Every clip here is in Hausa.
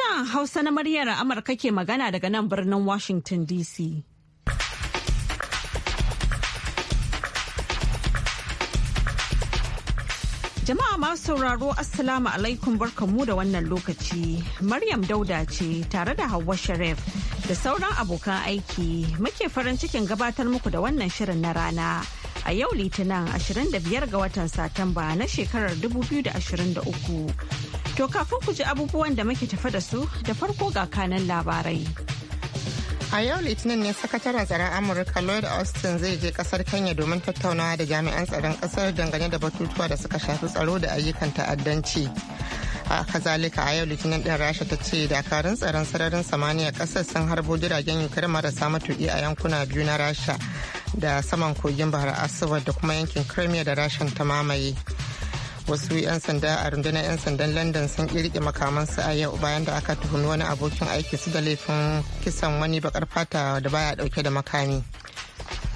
Aisha Hausa na maryar Amurka ke magana daga nan birnin Washington DC. Jama'a masu sauraro Assalamu alaikum barkanmu da wannan lokaci. Maryam Dauda ce tare da Hauwa Sharif da sauran abokan aiki muke farin cikin gabatar muku da wannan shirin na rana. A yau Litinin 25 ga watan satamba na shekarar 2023. To kafin ku ji abubuwan da muke tafa da su da farko ga kanan labarai. A yau Litinin ne sakataren tsaron Amurka Lloyd Austin zai je kasar Kenya domin tattaunawa da jami'an tsaron kasar dangane da batutuwa da suka shafi tsaro da ayyukan ta'addanci. a kazalika a yau litinin din rasha ta ce dakarun tsaron sararin samaniya kasar sun harbo jiragen ukraine marasa matuƙi a yankuna biyu na rasha da saman kogin bahar asuwar da kuma yankin crimea da rasha ta mamaye wasu 'yan sanda a rundunar 'yan sandan london sun kirke makamansu a yau bayan da aka tuhumi wani abokin aiki su da laifin kisan wani bakar fata da baya dauke da makami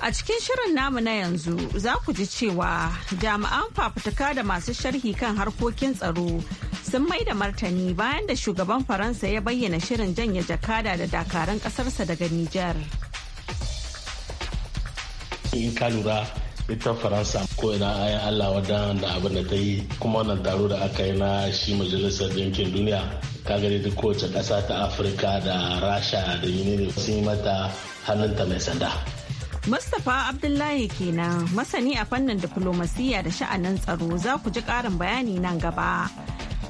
a cikin shirin namu na yanzu za ku ji cewa jami'an fafutuka da masu sharhi kan harkokin tsaro sun mai da martani bayan da shugaban faransa ya bayyana shirin janye jakada da dakaran kasarsa daga nijar ita faransa ko ina ayan allah wadan da abin da ta yi kuma wannan taro da aka yi na shi majalisar yankin duniya gani duk kowace ƙasa ta afirka da rasha da yunini sun yi mata hannunta mai sanda Mustapha Abdullahi kenan masani a fannin diflomasiyya da sha'anin tsaro za ku ji ƙarin bayani nan gaba.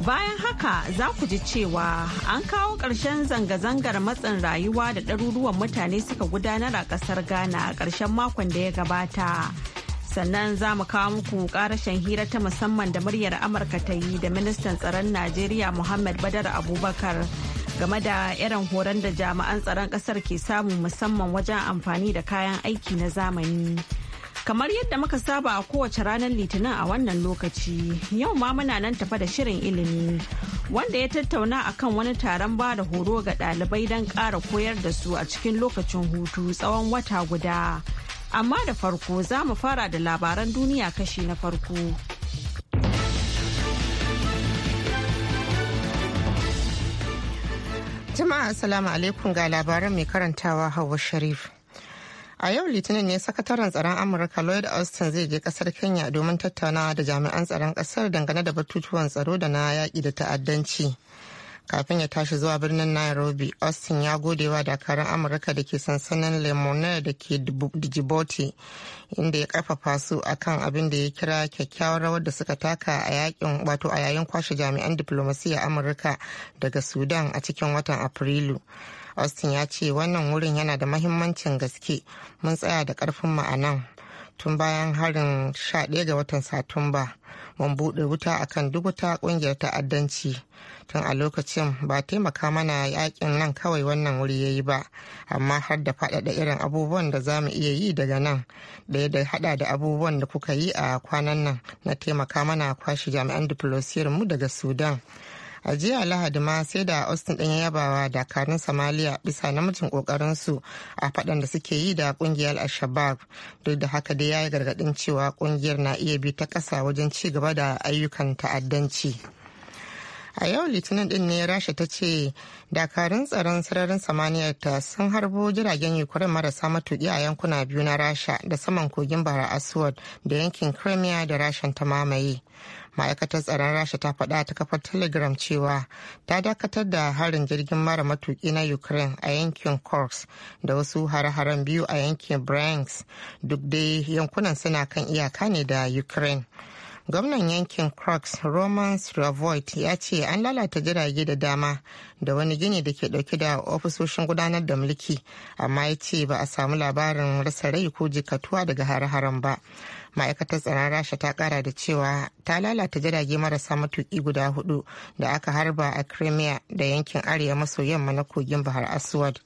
Bayan haka za ku ji cewa an kawo ƙarshen zanga-zangar matsin rayuwa da ɗaruruwan mutane suka gudanar a ƙasar Ghana a ƙarshen makon da ya gabata. sannan za mu kawo muku karashen hira ta musamman da muryar amurka ta yi da ministan tsaron najeriya muhammad badar abubakar game da irin horon da jami'an tsaron kasar ke samu musamman wajen amfani da kayan aiki na zamani kamar yadda muka saba a kowace ranar litinin a wannan lokaci yau ma muna nan tafa da shirin ilimi wanda ya tattauna a kan wani taron ba da horo ga ɗalibai don ƙara koyar da su a cikin lokacin hutu tsawon wata guda. Amma da farko za mu fara da labaran duniya kashi na farko. Jama'a Assalamu alaikum ga labaran mai karantawa Hauwa Sharif. a yau litinin ne sakataren tsaron amurka lloyd austin zai je kasar kenya domin tattaunawa da jami'an tsaron kasar dangane da batutuwan tsaro da na yaƙi da ta'addanci kafin ya tashi zuwa birnin nairobi austin ya gode wa dakarun amurka da ke sansanin lemona da ke djibouti inda ya karfafa su akan abin da ya kira kyakkyawar rawar da suka taka a yakin wato a yayin kwashe jami'an diplomasiyyar amurka daga sudan a cikin watan afrilu austin ya ce wannan wurin yana da mahimmancin gaske mun tsaya da karfin ma'anan tun bayan harin 11 ga watan satumba mun buɗe wuta kan duk wata ƙungiyar ta'addanci tun a lokacin ba taimaka mana yakin nan kawai wannan wuri ya yi ba amma har da faɗaɗa irin abubuwan da za mu iya yi daga nan ɗaya da haɗa da abubuwan da kuka yi a kwanan nan na taimaka mana kwashe jami'an diflosiyar mu daga sudan a jiya lahadi ma sai da austin ɗin yabawa dakarun somalia bisa namijin kokarin su a faɗan da suke yi da ƙungiyar al-shabab duk da haka dai ya yi gargaɗin cewa ƙungiyar na iya bi ta ƙasa wajen ci gaba da ayyukan ta'addanci. a yau litinin din ne rasha ta ce dakarun tsaron sararin samaniya ta sun harbo jiragen ukraine marasa matuki a yankuna biyu na rasha da saman kogin bara aswad da yankin crimea da rashan ta mamaye ma'aikatar tsaron rasha ta faɗa ta kafar telegram cewa ta dakatar da harin jirgin mara matuki na ukraine a yankin corks da wasu hare-haren biyu a yankin branks duk dai yankunan suna kan iyaka ne da ukraine gwamnan yankin crux roman revoit ya ce an lalata jirage da dama da wani gini da ke dauke da ofisoshin gudanar da mulki amma ya ce ba a samu labarin rasa rai ko jikatuwa daga har-haren ba ma'aikatar tsaron rasha ta kara da cewa ta lalata jirage marasa matuki guda hudu da aka harba a crimea da yankin arewa maso yamma na kogin bahar aswad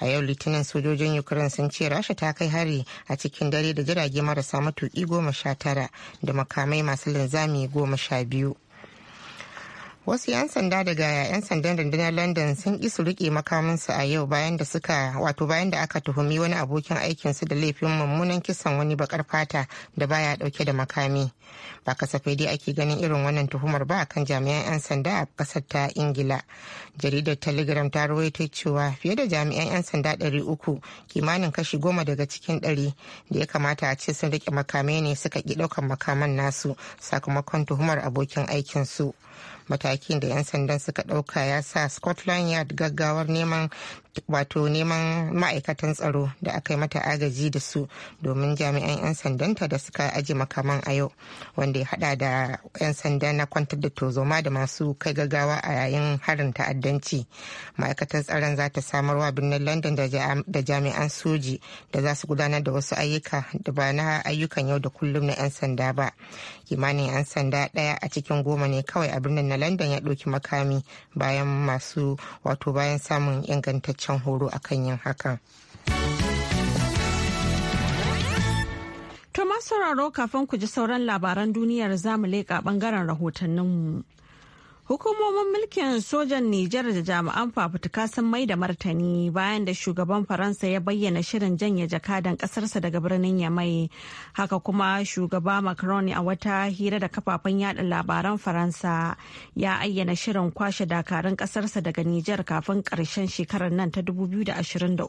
a yau litinin sojojin ukraine sun ce rasha ta kai hari a cikin dare da jirage marasa matuki goma sha tara da makamai masu linzami goma sha biyu wasu 'yan sanda daga 'yan sandan rundunar london sun isu su rike makaminsu a yau bayan da suka wato bayan da aka tuhumi wani abokin aikinsu da laifin mummunan kisan wani bakar fata da baya dauke da makami ba kasafai dai ake ganin irin wannan tuhumar ba kan jami'an 'yan sanda a kasar ta ingila jaridar telegram ta rawaito cewa fiye da jami'an 'yan sanda ɗari uku kimanin kashi goma daga cikin ɗari da ya kamata a ce sun rike makamai ne suka ki ɗaukan makaman nasu sakamakon tuhumar abokin aikinsu. su matakin da 'yan sandan suka ɗauka ya sa scotland yard gaggawar neman wato neman ma'aikatan tsaro da aka yi mata agaji da su domin jami'an 'yan sandanta da suka aji makaman a yau wanda ya hada da 'yan sanda na kwantar da tozoma da masu kai gaggawa a yayin harin ta'addanci ma'aikatan tsaron za ta samarwa birnin london da jami'an soji da za su gudanar da wasu ayyuka da ba na ayyukan yau da kullum na 'yan sanda ba kimanin 'yan sanda daya a cikin goma ne kawai a birnin na london ya ɗauki makami bayan masu wato bayan samun ingantacce takaitaccen horo a kan yin hakan. To sauraro kafin ku ji sauran labaran duniyar zamu leƙa ɓangaren rahotanninmu. Hukumomin mulkin sojan Nijar da jami'an fafutuka sun mai da martani bayan da shugaban Faransa ya bayyana shirin janye jakadan kasarsa daga birnin Yamai. Haka kuma shugaba Macron a wata hira da kafafen yada labaran Faransa ya ayyana shirin kwashe dakarun kasarsa daga Nijar kafin karshen shekarar nan ta 2023.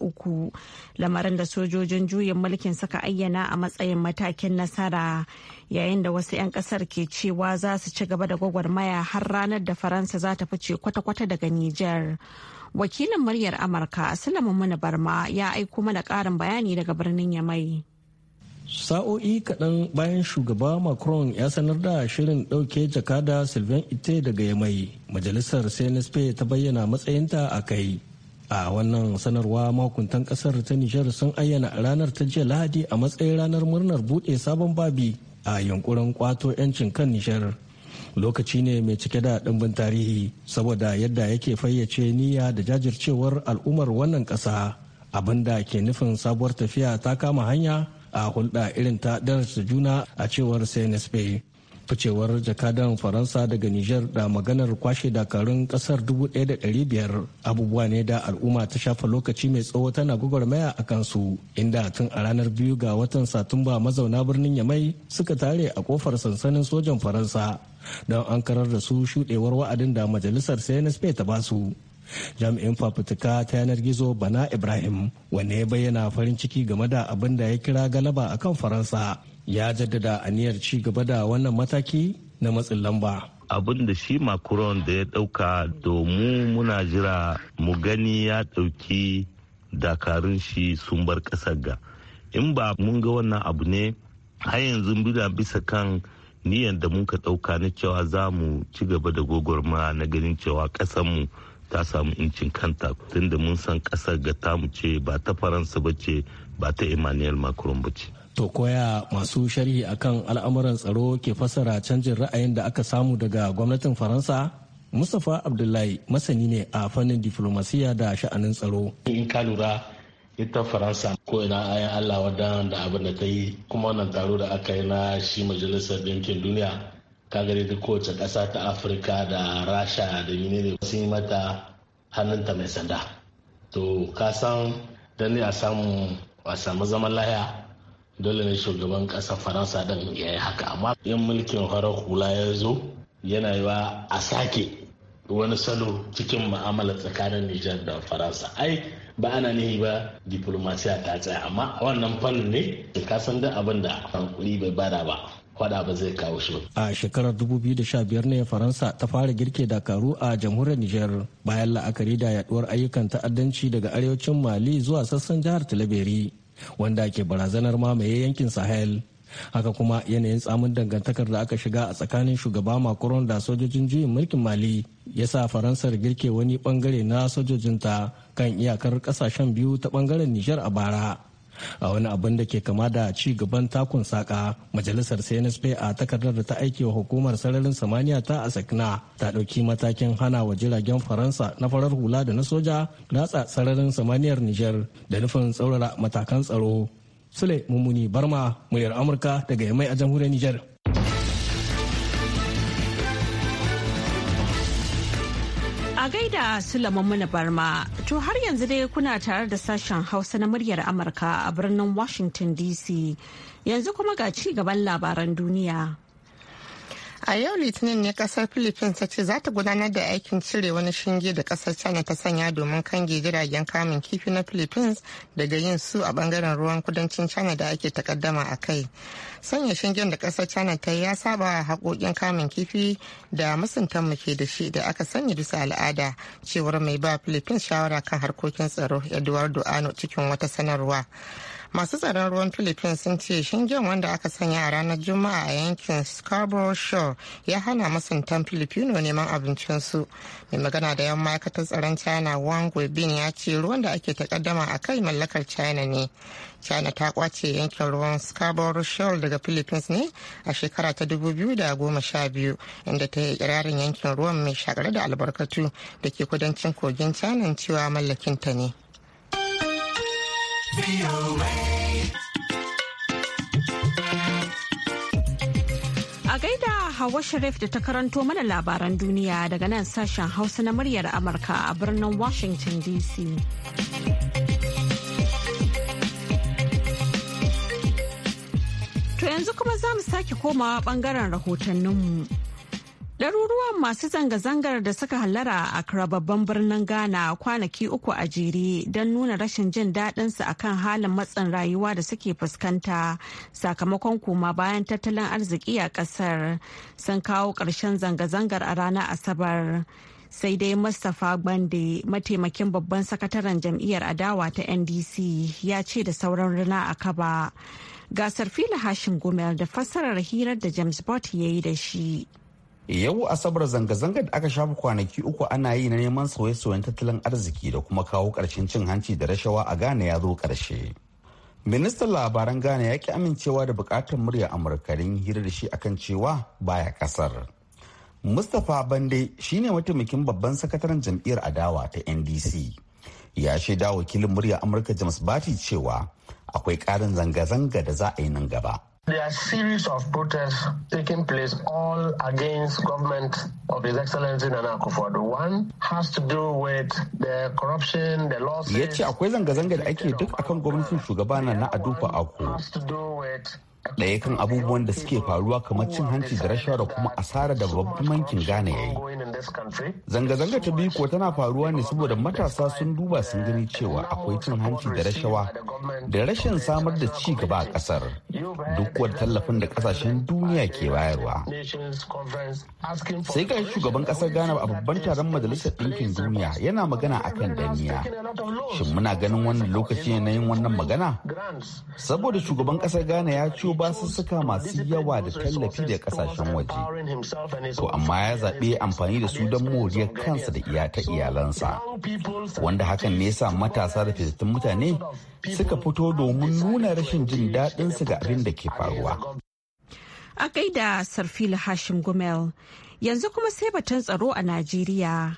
Lamarin da sojojin juyin mulkin suka ayyana a matsayin matakin nasara. yayin da wasu 'yan kasar ke cewa za su ci gaba da gwagwarmaya har ranar da faransa za ta fice kwata-kwata daga nijar wakilin muryar amurka asalamin mana barma ya aiko mana karin bayani daga birnin yamai sa'o'i kaɗan bayan shugaba macron ya sanar da shirin ɗauke jakada sylvain ite daga yamai majalisar cnsp ta bayyana matsayinta a kai a wannan sanarwa makuntan kasar ta nijar sun ayyana ranar ta jiya lahadi a matsayin ranar murnar buɗe sabon babi a yunkurin kwato 'yancin kan nishar lokaci ne mai cike da ɗimbin tarihi saboda yadda yake fayyace niyya da jajircewar al'ummar wannan ƙasa abinda ke nufin sabuwar tafiya ta kama hanya a hulɗa irin ta darasa juna a cewar cnsp ficewar jakadan faransa daga niger da maganar kwashe dakarun kasar 1,500 abubuwa ne da al'umma ta shafa lokaci mai tsawo tana gwagwarmaya a kansu inda tun a ranar biyu ga watan satumba mazauna birnin yamai suka tare a kofar sansanin sojan faransa don an karar da su shuɗewar wa'adin da majalisar cnsp ta basu jami'in fafutuka ta yanar gizo bana ibrahim wanne ya bayyana farin ciki game da abin da ya kira galaba akan faransa ya jaddada aniyar ci gaba da wannan mataki na matsin lamba. abin da shi macron da ya dauka domin muna jira mu gani ya dauki dakarun shi sun bar kasar ga in ba mun ga wannan abu ne har yanzu bida bisa kan niyan da muka dauka na cewa za mu ci gaba da gogorma na ganin cewa mu ta samu incin kanta tunda mun san kasar ga ta mu ce ba ta faransa ba ce ba ta emmanuel macron ba ce To koya masu sharhi akan al'amuran tsaro ke fassara canjin ra'ayin da aka samu daga gwamnatin Faransa? Mustapha Abdullahi masani ne a fannin diflomasiya da sha'anin tsaro. In ka lura ita Faransa ko ina ayan Allah wadan da abin da ta yi kuma wannan taro da aka yi na shi majalisar ɗinkin duniya ka gari da kowace ƙasa ta Afirka da Rasha da Yunile sun yi mata hannunta mai sanda. To ka san a samu a samu zaman laya dole ne shugaban ƙasar faransa ɗin ya yi haka amma yan mulkin farar hula ya zo yana yiwa a sake wani salo cikin ma'amala tsakanin nijar da faransa ai ba ana nihi ba diplomasiya ta tsaya amma wannan fannin ne ka san da abin da hankuri bai bada ba fada ba zai kawo shi a shekarar 2015 ne faransa ta fara girke dakaru a jamhuriyar nijar bayan la'akari da yaduwar ayyukan ta'addanci daga arewacin mali zuwa sassan jihar talabiri wanda ke barazanar mamaye yankin sahel haka kuma yanayin tsamin dangantakar da aka shiga a tsakanin shugaba macron da sojojin juyin mulkin mali ya sa faransar girke wani bangare na sojojinta kan iyakar kasashen biyu ta bangaren nijar a bara a wani abin da ke kama da ci gaban takun saka majalisar cnsp a takardar da ta aike wa hukumar sararin samaniya ta asakna ta ɗauki matakin hana wa jiragen faransa na farar hula da na soja ratsa sararin samaniyar niger da nufin tsaurara matakan tsaro sule mummuni barma muryar amurka daga yamai a jamhuriyar niger gaida sulaman mana Barma, to har yanzu dai kuna tare da sashen Hausa na muryar Amurka a birnin Washington DC. Yanzu kuma ga ci gaban labaran duniya. a yau litinin ne kasar philippines ta ce za ta gudanar da aikin cire wani shinge da kasar china ta sanya domin kange jiragen kamun kifi na philippines daga yin su a bangaren ruwan kudancin china da ake takaddama a kai sanya shingen da kasar china ta yi ya saba haƙoƙin kamun kifi da musuntan ke da shi da aka sanya bisa al'ada cewar mai ba philippines shawara kan harkokin tsaro eduardo ano cikin wata sanarwa masu tsaron ruwan philippines sun ce shingen wanda aka sanya a ranar juma'a a yankin scarborough shore ya hana masuntan filipino neman abincinsu mai magana da yan ma'aikatar tsaron china wang webin ya ce ruwan da ake takaddama a kai mallakar china ne china ta kwace yankin ruwan scarborough shore daga philippines ne a shekara ta 2012 inda ta yi kirarin yankin ruwan mai shakar da albarkatu da ke kudancin kogin china cewa mallakinta ne A gaida Hawa Sharif da ta karanto mana labaran duniya daga nan sashen Hausa na muryar Amurka a birnin Washington DC. To yanzu kuma za mu sake komawa bangaren rahotanninmu. Ɗaruruwan masu zanga-zangar da suka hallara a Accra babban birnin Ghana kwanaki uku a jere don nuna rashin jin daɗinsu a kan halin matsin rayuwa da suke fuskanta sakamakon koma bayan tattalin arziki a ƙasar sun kawo ƙarshen zanga-zangar a ranar Asabar. sai dai mustapha bande mataimakin babban sakataren jam'iyyar adawa ta ndc ya ce da sauran rana a kaba gasar fila hashin gomel da fassarar hirar da james bott ya yi da shi yau asabar zanga-zanga da aka shafa kwanaki uku ana yi na neman sauye-sauyen tattalin arziki da kuma kawo ƙarshen cin hanci da rashawa a ghana ya zo ƙarshe ministan labaran ghana ya ki amincewa da buƙatar murya amurka don hira da shi akan cewa baya ƙasar mustapha bande shine mataimakin babban sakataren jam'iyyar adawa ta ndc ya shaida wakilin murya amurka james bati cewa akwai ƙarin zanga-zanga da za a yi nan gaba There are series of protests taking place all against government of His Excellency Nana Akufo-Addo. One has to do with the corruption, the losses. Ya ce akwai zanga-zanga da ake duk akan gwamnatin shugaba na Adufa Ako. Ɗaya kan abubuwan da suke faruwa kamar cin hanci da rashawa da kuma asara da babban bankin Ghana ya yi. Zanga-zanga ta biyu kuwa tana faruwa ne saboda matasa sun duba sun gani cewa akwai cin hanci da rashawa da rashin samar da ci gaba a ƙasar duk wani tallafin da kasashen duniya ke bayarwa. Sai ga shugaban ƙasar Ghana a babban taron Majalisar Ɗinkin Duniya yana magana akan daniya. Shin muna ganin wannan lokaci ne na yin wannan magana? Saboda shugaban ƙasar Ghana ya su basussuka masu yawa da tallafi da ƙasashen waje. To amma ya zaɓi amfani da da su don moriyar kansa da iya ta iyalansa wanda hakan ne sa matasa da fitattun mutane suka fito domin nuna rashin jin daɗin su ga abin da ke faruwa a gaida sarfil hashim gumel yanzu kuma sai batun tsaro a najeriya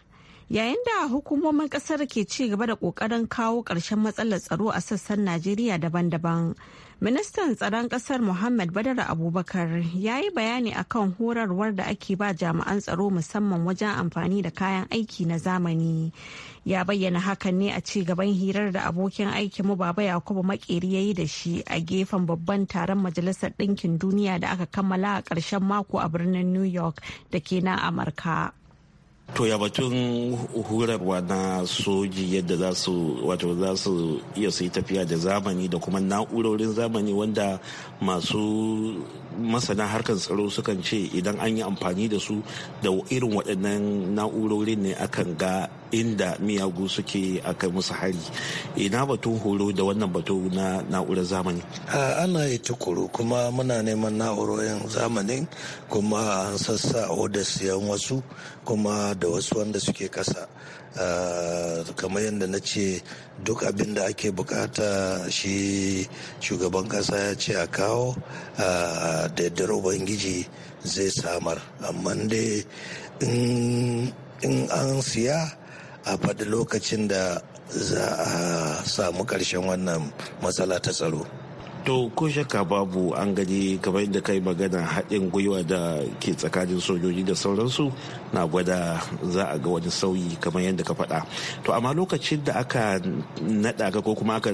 yayin da hukumomin kasar ke ci gaba da kokarin kawo ƙarshen matsalar tsaro a sassan najeriya daban-daban Ministan tsaron ƙasar Muhammad Badar Abubakar ya yi bayani kan horarwar da ake ba jami'an tsaro musamman wajen amfani da kayan aiki na zamani. Ya bayyana hakan ne a ci gaban hirar da abokin aikinmu Baba Yakubu Makeri ya yi da shi a gefen babban taron Majalisar Ɗinkin Duniya da aka kammala a ƙarshen mako a birnin New York da ke nan Amurka. To ya batun hurarwa na soji yadda za su wato za su iya su yi tafiya da zamani da kuma na'urorin zamani wanda masu masana harkar tsaro sukan ce idan an yi amfani da su da irin waɗannan na'urorin ne akan ga inda miyagu suke a kai musu hari ina batun horo da wannan batu na na'urar zamani ana yi tukuru kuma muna neman na'urorin zamani kuma an sassa a siyan wasu kuma da wasu wanda suke kasa kamar yadda na ce duk abin da ake bukata shi shugaban kasa ya ce a kawo da yaddar ubangiji zai samar amma dai in an siya a faɗi lokacin da za a samu ƙarshen wannan matsala ta tsaro to ko shakka babu an gani kamar yadda kai magana haɗin gwiwa da ke tsakanin sojoji da sauransu na gwada za a ga wani sauyi kamar yadda ka faɗa to amma lokacin da aka naɗa ka ko kuma aka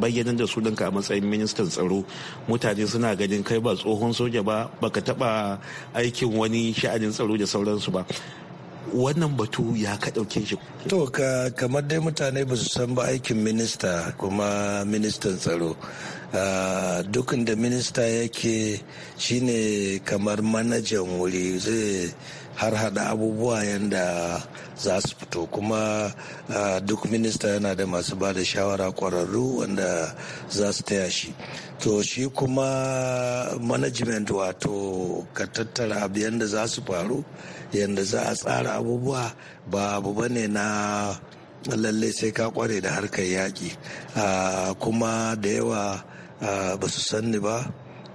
bayyanar da sunanka a matsayin ministan tsaro mutane suna ganin kai ba tsohon soja ba baka taɓa aikin wani sha'anin tsaro da sauransu ba wannan batu ya ka ɗauke shi. To ka kamar dai mutane ba su san ba aikin minista kuma ministan tsaro. Ah, Dukkan da minista yake shine kamar manajan wuri zai har hada abubuwa yadda za su fito kuma ah, duk minista yana da masu ba da shawara kwararru wanda za su taya shi to shi kuma management wato ka tattara abu yadda za su faru yadda za a tsara abubuwa ba abu ne na lallai sai ka kware da harkar yaƙi kuma da yawa ba su ni ba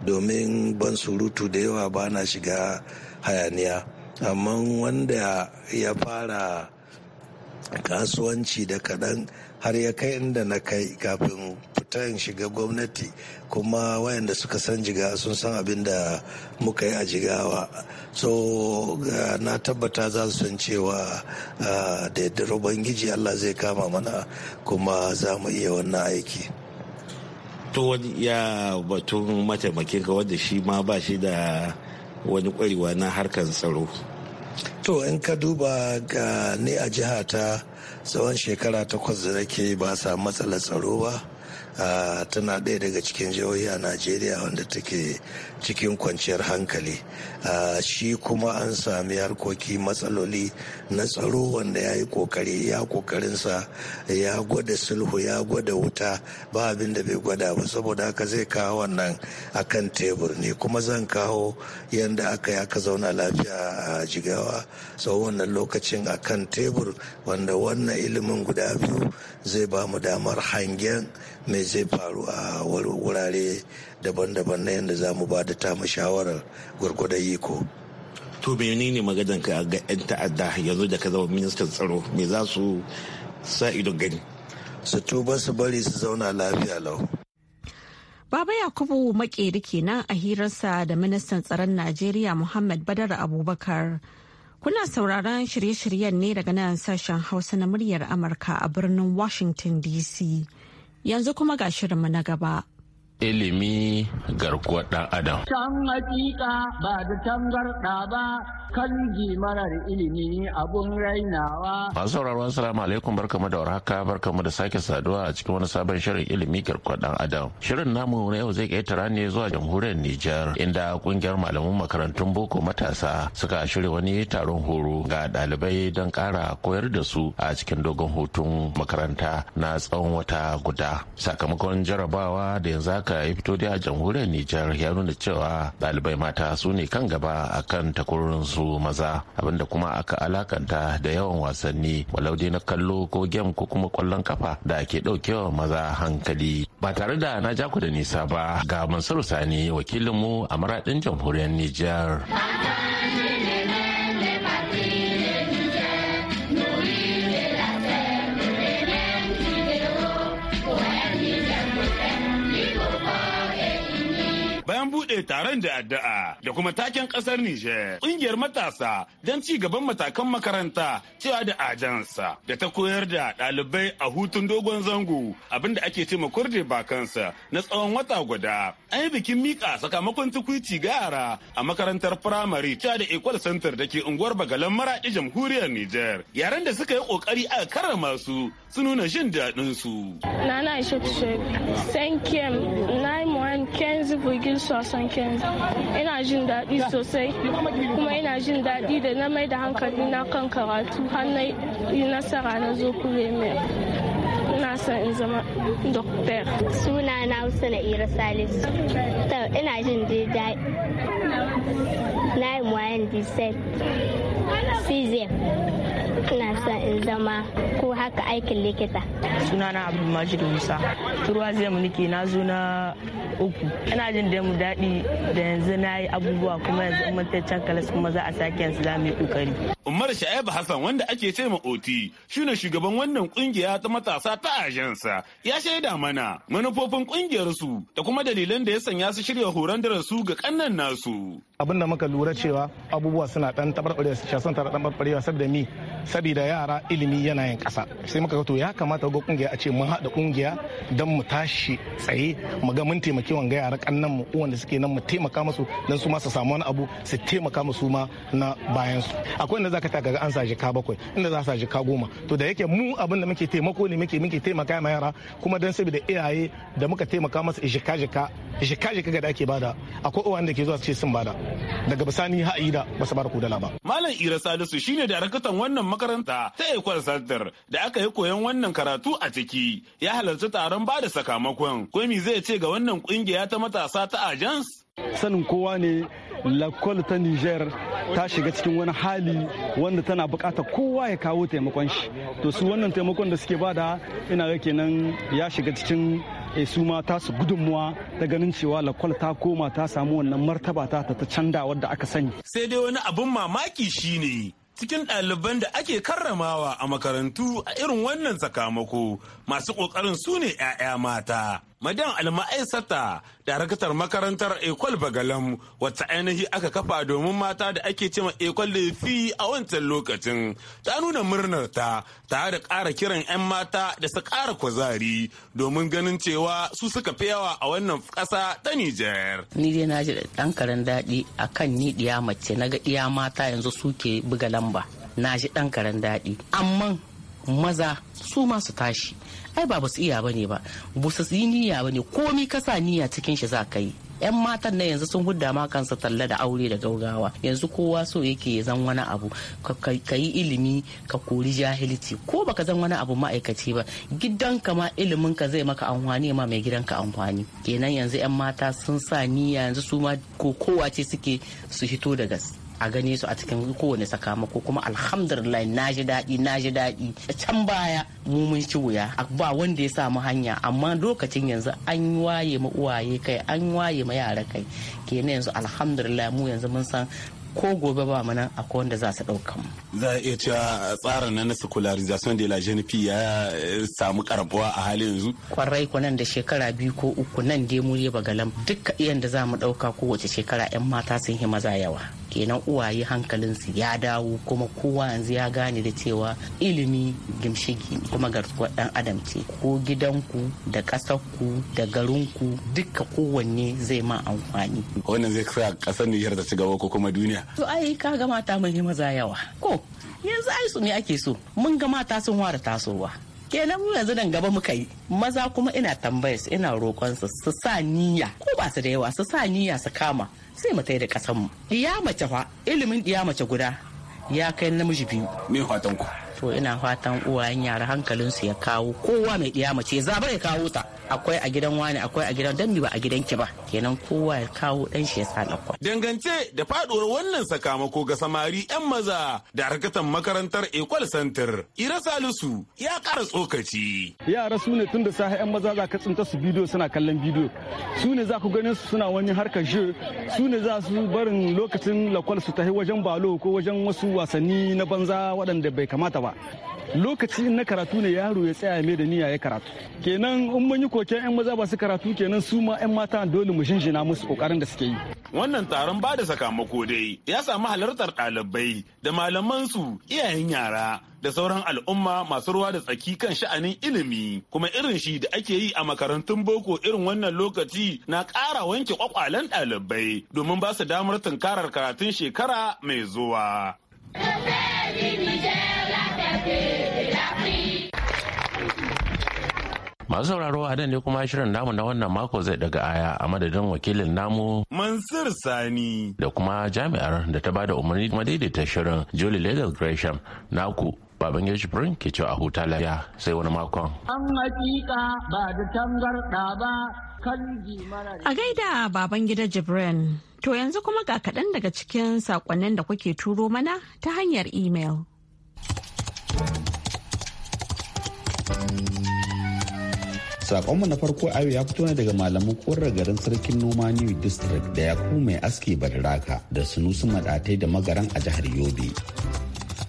domin ban surutu da yawa ba na shiga hayaniya amma wanda ya fara kasuwanci da kaɗan har ya kai inda na kai kafin tayin shiga gwamnati kuma wayanda suka san jiga sun san abin da muka yi a jigawa so na tabbata za su san cewa ah, da yadda giji allah zai kama mana kuma za mu iya wannan aiki to ya batun mataimakin ka wanda shi ma ba shi da wani kwarewa na harkar tsaro to in ka duba ga ni a jihata tsawon shekara takwas da nake ba sa matsalar tsaro ba Ah, tana ɗaya daga cikin jihohi a najeriya wanda take cikin kwanciyar hankali shi kuma an sami harkoki matsaloli na tsaro wanda ya yi kokari ya kokarinsa ya gwada sulhu ya gwada wuta ba abin da bai gwada ba saboda haka zai kawo wannan kan tebur ne kuma zan kawo yadda aka yi aka zauna lafiya a jigawa tsawon wannan lokacin akan tebur wanda wannan ilimin guda biyu zai ba mu damar hangen mai zai faru a wurare daban-daban na yadda za mu ba da da ta mu shawarar gwargwadon iko to menene maganar ka ga 'yan ta'adda yanzu da ka zama ministan tsaro me za su sa ido gani su tuba su bari su zauna lafiya lau Baba Yakubu makeri kenan a hirarsa da ministan tsaron Najeriya Muhammad Badar Abubakar. Kuna sauraron shirye-shiryen ne daga nan sashen Hausa na muryar Amurka a birnin Washington DC. Yanzu kuma ga shirinmu na gaba. ilimi garkuwar dan adam. Can hakika ba da tangarɗa ba kan marar ilimi abun rainawa. Masu sauraron salamu alaikum kama da warhaka barkamu da sake saduwa a cikin wani sabon shirin ilimi garkuwar dan adam. Shirin namu na yau zai kaitara ne zuwa jamhuriyar Nijar inda kungiyar malaman makarantun boko matasa suka shirya wani taron horo ga ɗalibai don ƙara koyar da su a cikin dogon hutun makaranta na tsawon wata guda. Sakamakon jarabawa da yanzu aka fito dai a jamhuriyar nijar ya nuna cewa ɗalibai mata su ne kan gaba a kan takwarorinsu maza abinda kuma aka alakanta da yawan wasanni walau dai na kallo ko gem ko kuma kwallon kafa da ke ɗaukewa maza hankali ba tare da na ja ku da nisa ba ga mansur sani wakilinmu a maraɗin jamhuriyar nijar buɗe taron da addu'a da kuma taken ƙasar Nijar. Ƙungiyar matasa don ci gaban matakan makaranta cewa da ajansa da ta koyar da ɗalibai a hutun dogon zango abinda ake ce ma kurde bakansa na tsawon wata guda. An yi bikin mika sakamakon tukwici ga yara a makarantar firamare cewa da Equal Center da ke unguwar Bagalan Maraɗi Jamhuriyar Nijar. yaren da suka yi ƙoƙari a karrama su sun nuna jin daɗinsu. Nana Ishaq Shek, 75 bugil kenzi ina jin daɗi sosai kuma ina jin daɗi da na mai da hankali na kan karatu har na yi nasara na zo premier ina son in zama doktor suna na wasu na ira salisu ina jin daɗi na yi muwayen disel cesium ina son in zama ko haka aikin likita sunana abdulmajid musa turuwa zai mu nike na zo na uku ina jin da mu daɗi da yanzu na yi abubuwa kuma yanzu in ta can kalas kuma za a sake yanzu za mu yi kokari umar sha'ib hassan wanda ake ce ma oti shine shugaban wannan kungiya ta matasa ta ajansa ya shaida mana manufofin kungiyar su da kuma dalilan da ya sanya su shirya horon darasu ga kannan nasu abin muka lura cewa abubuwa suna dan tabarbarewa su son tara dan saboda mi saboda yara ilimi yana yin ƙasa sai muka ga to ya kamata ga kungiya a ce mun haɗa kungiya don mu tashi tsaye mu ga mun taimaki wanga yara kannan mu wanda suke nan mu taimaka musu don su ma su samu wani abu su taimaka musu ma na bayan su akwai inda zaka taka ga an sa jika bakwai inda za sa jika goma to da yake mu abin da muke taimako ne muke muke taimaka ma yara kuma don saboda iyaye da muka taimaka masu jika jika jika jika da ake bada akwai uwan da ke zuwa su ce sun bada daga bisani ha'ida ba su bada kudala ba malam ira salisu shine da rakatan wannan makaranta ta Equal Center da aka yi koyon wannan karatu a ciki ya halarci taron ba da sakamakon. Kwami zai ce ga wannan kungiya ta matasa ta Agence? sanin kowa ne lakwal ta niger ta shiga cikin wani hali wanda tana bukata kowa ya kawo taimakon shi to su wannan taimakon da suke bada ina ga kenan ya shiga cikin e su ma tasu gudunmuwa ta ganin cewa lakwal ta koma ta samu wannan martaba ta ta canda wadda aka sani sai dai wani abin mamaki shine cikin ɗaliban da ake karramawa a makarantu a irin wannan sakamako masu ƙoƙarin su ne 'ya'ya mata. Madan Alma'aisata, darakatar makarantar Ekol Bagalam, wata ainihi aka kafa domin mata da ake cema Ekol Lefi a wancan lokacin, ta nuna murnar ta tare da ƙara kiran 'yan mata da su ƙara kuzari domin ganin cewa su suka fi yawa a wannan ƙasa ta Nijar. Ni dai na ji ɗan karen daɗi a kan ni ɗiya mace na ga ɗiya mata yanzu suke buga lamba. Na ji ɗan karen daɗi. Amman maza su ma su tashi ai ba basu iya bane ba su yi niyya bane komi kasa niyya cikin shi za ka yi yan matan na yanzu sun gudda ma kansa talla da aure da gaugawa yanzu kowa so yake zan wani abu ka yi ilimi ka kori jahilci ko baka zan wani abu ma'aikaci ba gidanka ma ilimin ka zai maka amfani ma mai ka amfani kenan yanzu yan mata sun sa niyya yanzu su ma ko kowa ce suke su hito da gas a gani su a cikin kowane sakamako kuma alhamdulillah na ji daɗi na ji daɗi can baya mu mun ci wuya ba wanda ya samu hanya amma lokacin yanzu an waye ma uwaye kai an waye ma yara kai kenan yanzu alhamdulillah mu yanzu mun san ko gobe ba mana akwai wanda za su ɗauka mu. Za a iya cewa tsarin na secularization de la jeune ya eh, samu karbuwa a halin yanzu? Kwarai ku nan da shekara biyu ko uku nan dai mu bagalam duka iyan da za mu ɗauka kowace shekara 'yan mata sun yi maza yawa. kenan uwaye hankalinsu ya dawo kuma kowa yanzu ya gane da cewa ilimi gimshigi kuma garkuwar dan adam ce ko gidanku da ƙasarku da garinku duka kowanne zai ma amfani wannan zai sa ƙasar niyyar ta ci gaba ko kuma duniya to ai ka ga mata mai maza yawa ko yanzu ai su me ake so mun ga mata sun ware tasowa kenan mu yanzu nan gaba muka yi maza kuma ina tambayar su ina roƙon su su sa niyya ko ba su da yawa su sa niyya su kama sai mu tai da kasan mu iya mace fa ilimin iya mace guda ya kai namiji biyu me fatan ku to ina fatan uwayen yara hankalin su ya kawo kowa mai iya mace ya zaba ya kawo ta akwai a gidan wani akwai a gidan dan ba a gidan ki ba kenan kowa ya kawo dan shi ya sa dangance da faduwar wannan sakamako ga samari yan maza da harkatan makarantar Ecole Center Ira Salisu ya kara tsokaci yara su ne tunda sahi yan maza za ka tsinta su bidiyo suna kallon bidiyo su ne za ku ganin su suna wani harkar shi su ne za su barin lokacin lakwal su tafi wajen balo ko wajen wasu wasanni na banza waɗanda bai kamata ba lokaci na karatu ne yaro ya tsaya mai da niyya ya karatu kenan in mun yi koken yan maza ba su karatu kenan su ma yan mata dole mu shinshina musu kokarin da suke yi wannan taron ba da sakamako dai ya samu halartar ɗalibai da malaman su iyayen yara da sauran al'umma masu ruwa da tsaki kan sha'anin ilimi kuma irin shi da ake yi a makarantun boko irin wannan lokaci na ƙara wanke kwakwalen ɗalibai domin ba su damar tunkarar karatun shekara mai zuwa masu sauraro a ne kuma shirin namu na wannan mako zai daga aya a madadin wakilin namu mansur sani da kuma jami'ar da ta bada umarni kuma daidaita shirin julie legal gresham naku baban yashi burin ke cewa a huta lafiya sai wani makon an hakika ba da tangar ba A gaida baban gida Jibrin, to yanzu kuma ga kaɗan daga cikin saƙonnin da kuke turo mana ta hanyar imel. Sakonmu na farko ayo ya fito ne daga malamin ƙorar garin sarkin noma New District da ya mai aski bariraka da sunusu maɗatai da magaran a jihar Yobe.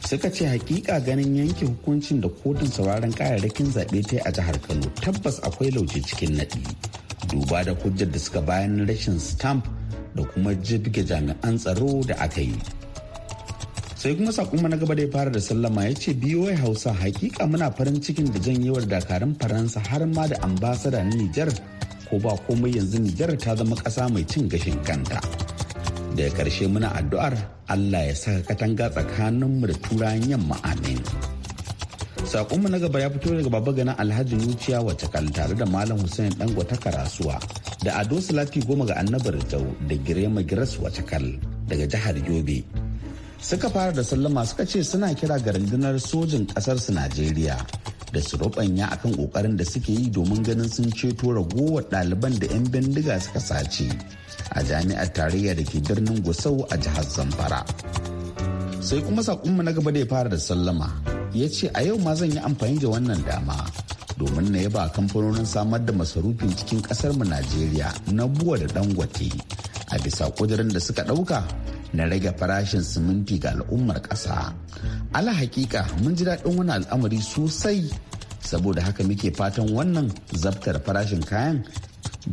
Suka ce hakika ganin yanke hukuncin da kotun sauraron kayayyakin zaɓe ta a jihar Kano tabbas akwai lauje cikin naɗi. duba da hujjar da suka bayan rashin stamp da kuma jirgin jami'an tsaro da aka yi sai kuma sakon na gaba da ya fara da sallama ya ce biyoyi hausa hakika muna farin cikin da janyewar dakarun faransa har ma da ambasada na nijar ko ba komai yanzu nijar ta zama ƙasa mai cin gashin kanta daga karshe muna addu'ar allah ya saka katanga tsakaninmu da turayen yamma amin sakonmu na gaba ya fito daga baba ganin alhaji nuciya wacce kan tare da malam hussein dangwata karasuwa da ado salati goma ga annabar jau da girema giras wacce kal daga jihar yobe suka fara da sallama suka ce suna kira ga rundunar sojin kasar su najeriya da su rubanya akan kokarin da suke yi domin ganin sun ceto ragowar ɗaliban da 'yan bindiga suka sace a jami'ar tarayya da ke birnin gusau a jihar zamfara sai kuma sakonmu na gaba da ya fara da sallama ya ce a yau ma zan yi amfani da wannan dama domin na yaba kamfanonin samar da masarufin cikin mu najeriya na buwa da dangote a bisa kudirin da suka dauka na rage farashin siminti ga al'ummar ƙasa ala hakika mun ji daɗin wani al'amari sosai saboda haka muke fatan wannan zabtar farashin kayan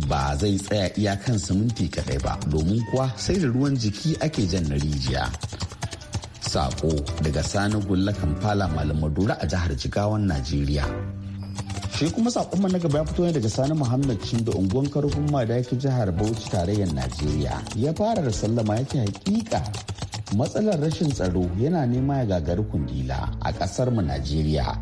ba zai tsaya iya kan siminti kadai ba domin kuwa sai da ruwan jiki ake jan na rijiya Sako daga Sani Gulla Kampala Malam Madura a jihar Jigawan Najeriya. Shi kuma sakon na gaba ya fito ne daga Sani Muhammad Cindo unguwan karfin madaki jihar Bauchi tarayyar Najeriya. Ya fara da sallama yake hakika matsalar rashin tsaro yana nema ya gagari kundila a kasar mu Najeriya.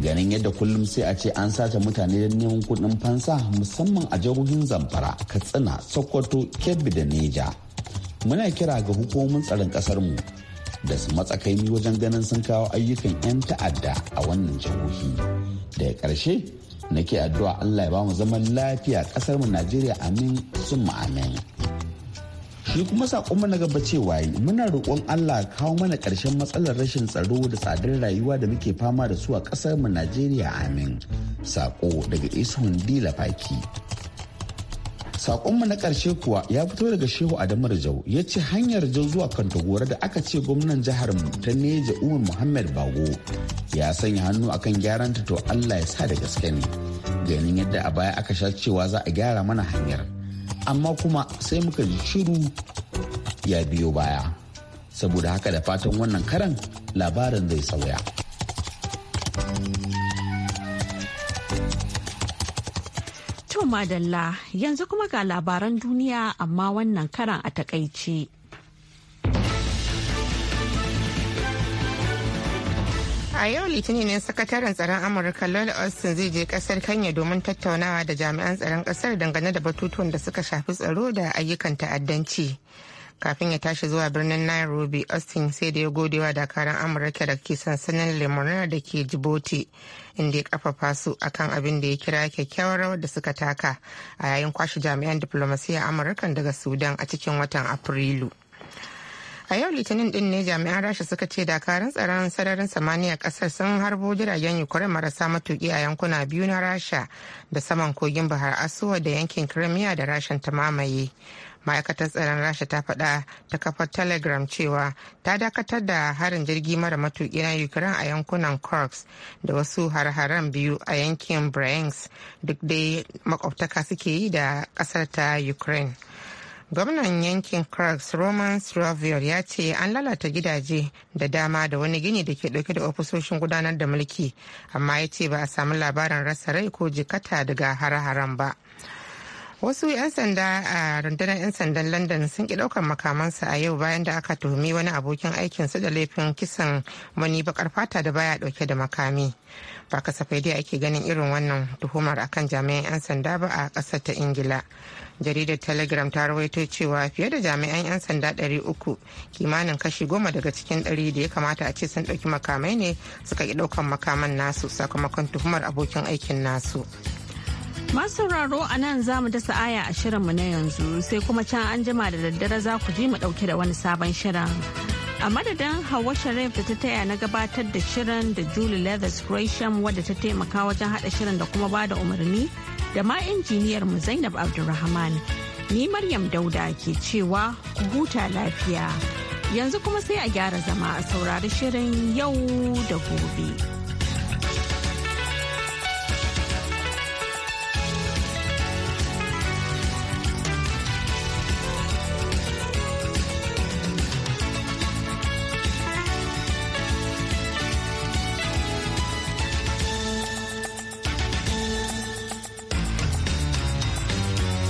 ganin yadda kullum sai a ce an sace mutane don neman kudin fansa musamman a jihohin zamfara katsina sokoto kebbi da neja muna kira ga hukumomin tsaron kasar mu da su matsakaimi wajen ganin sun kawo ayyukan 'yan ta'adda a wannan jihohi daga ƙarshe nake addu'a allah ya ba zaman lafiya ƙasar mu najeriya amin sun amin shi kuma saƙon mana gaba cewa muna roƙon allah kawo mana ƙarshen matsalar rashin tsaro da tsadar rayuwa da muke fama da su a ƙasar mu najeriya amin saƙo daga isu dila paki. Sakonmu na ƙarshe kuwa ya fito daga Shehu Adamu Rajau ya ce hanyar jau zuwa Kantagora da aka ce gwamnan jihar mu ta Neja Umar Muhammad Bago ya sanya hannu akan gyaran ta to Allah ya sa da gaske ne. Ganin yadda a baya aka sha cewa za a gyara mana hanyar. Amma kuma sai muka ji shiru ya biyo baya. Saboda haka da fatan wannan karan labarin zai sauya. To madalla yanzu kuma ga labaran duniya amma wannan karan a takaice. A yau litini ne sakataren tsaron Amurka Lloyd Austin zai je kasar Kenya domin tattaunawa da jami'an tsaron kasar dangane da batutuwan da suka shafi tsaro da ayyukan ta'addanci. kafin ya tashi zuwa birnin nairobi austin sai da ya godewa dakaran amurka da ke sansanin lemurna da ke djibouti inda ya kafafa su akan abin da ya kira kyakkyawar rawar da suka taka a yayin kwashe jami'an diplomasiya amurkan daga sudan a cikin watan afrilu a yau litinin din ne jami'an rasha suka ce dakarun tsaron sararin samaniya kasar sun harbo jiragen ukraine marasa matuki a yankuna biyu na rasha da saman kogin bahar asuwa da yankin crimea da rashin ta mamaye ma'aikatar tsaron rasha ta faɗa ta kafar telegram cewa ta dakatar da harin jirgi mara matuƙi na ukraine a yankunan corps da wasu har-haren biyu a yankin brains duk dai makwabtaka suke yi da ƙasar ta ukraine gwamnan yankin crux roman sravior ya ce an lalata gidaje da dama da wani gini da ke dauke da ofisoshin gudanar da mulki amma ya ce ba a samu labarin rasa rai ko jikata daga har haren ba wasu 'yan sanda a rundunar 'yan sandan london sun ki ɗaukar makamansa a yau bayan da aka tuhumi wani abokin aikin su da laifin kisan wani bakar fata da baya dauke da makami ba kasafai dai ake ganin irin wannan tuhumar a kan jami'an 'yan sanda ba a ƙasar ta ingila jaridar telegram ta rawaito cewa fiye da jami'an 'yan sanda uku kimanin kashi goma daga cikin 100 da ya kamata a ce sun ɗauki makamai ne suka ki ɗaukan makaman nasu sakamakon tuhumar abokin aikin nasu. Masu sauraro a nan za mu dasa aya a shirinmu na yanzu sai kuma can an jima da daddare za ku ji mu ɗauke da wani sabon shirin. A madadin Hauwa Sharif da ta taya na gabatar da shirin da Julie Leathers Gresham wadda ta taimaka wajen haɗa shirin da kuma bada umarni da ma injiniyar mu Zainab Abdulrahman. Ni Maryam Dauda ke cewa ku huta lafiya. Yanzu kuma sai a gyara zama a saurari shirin yau da gobe.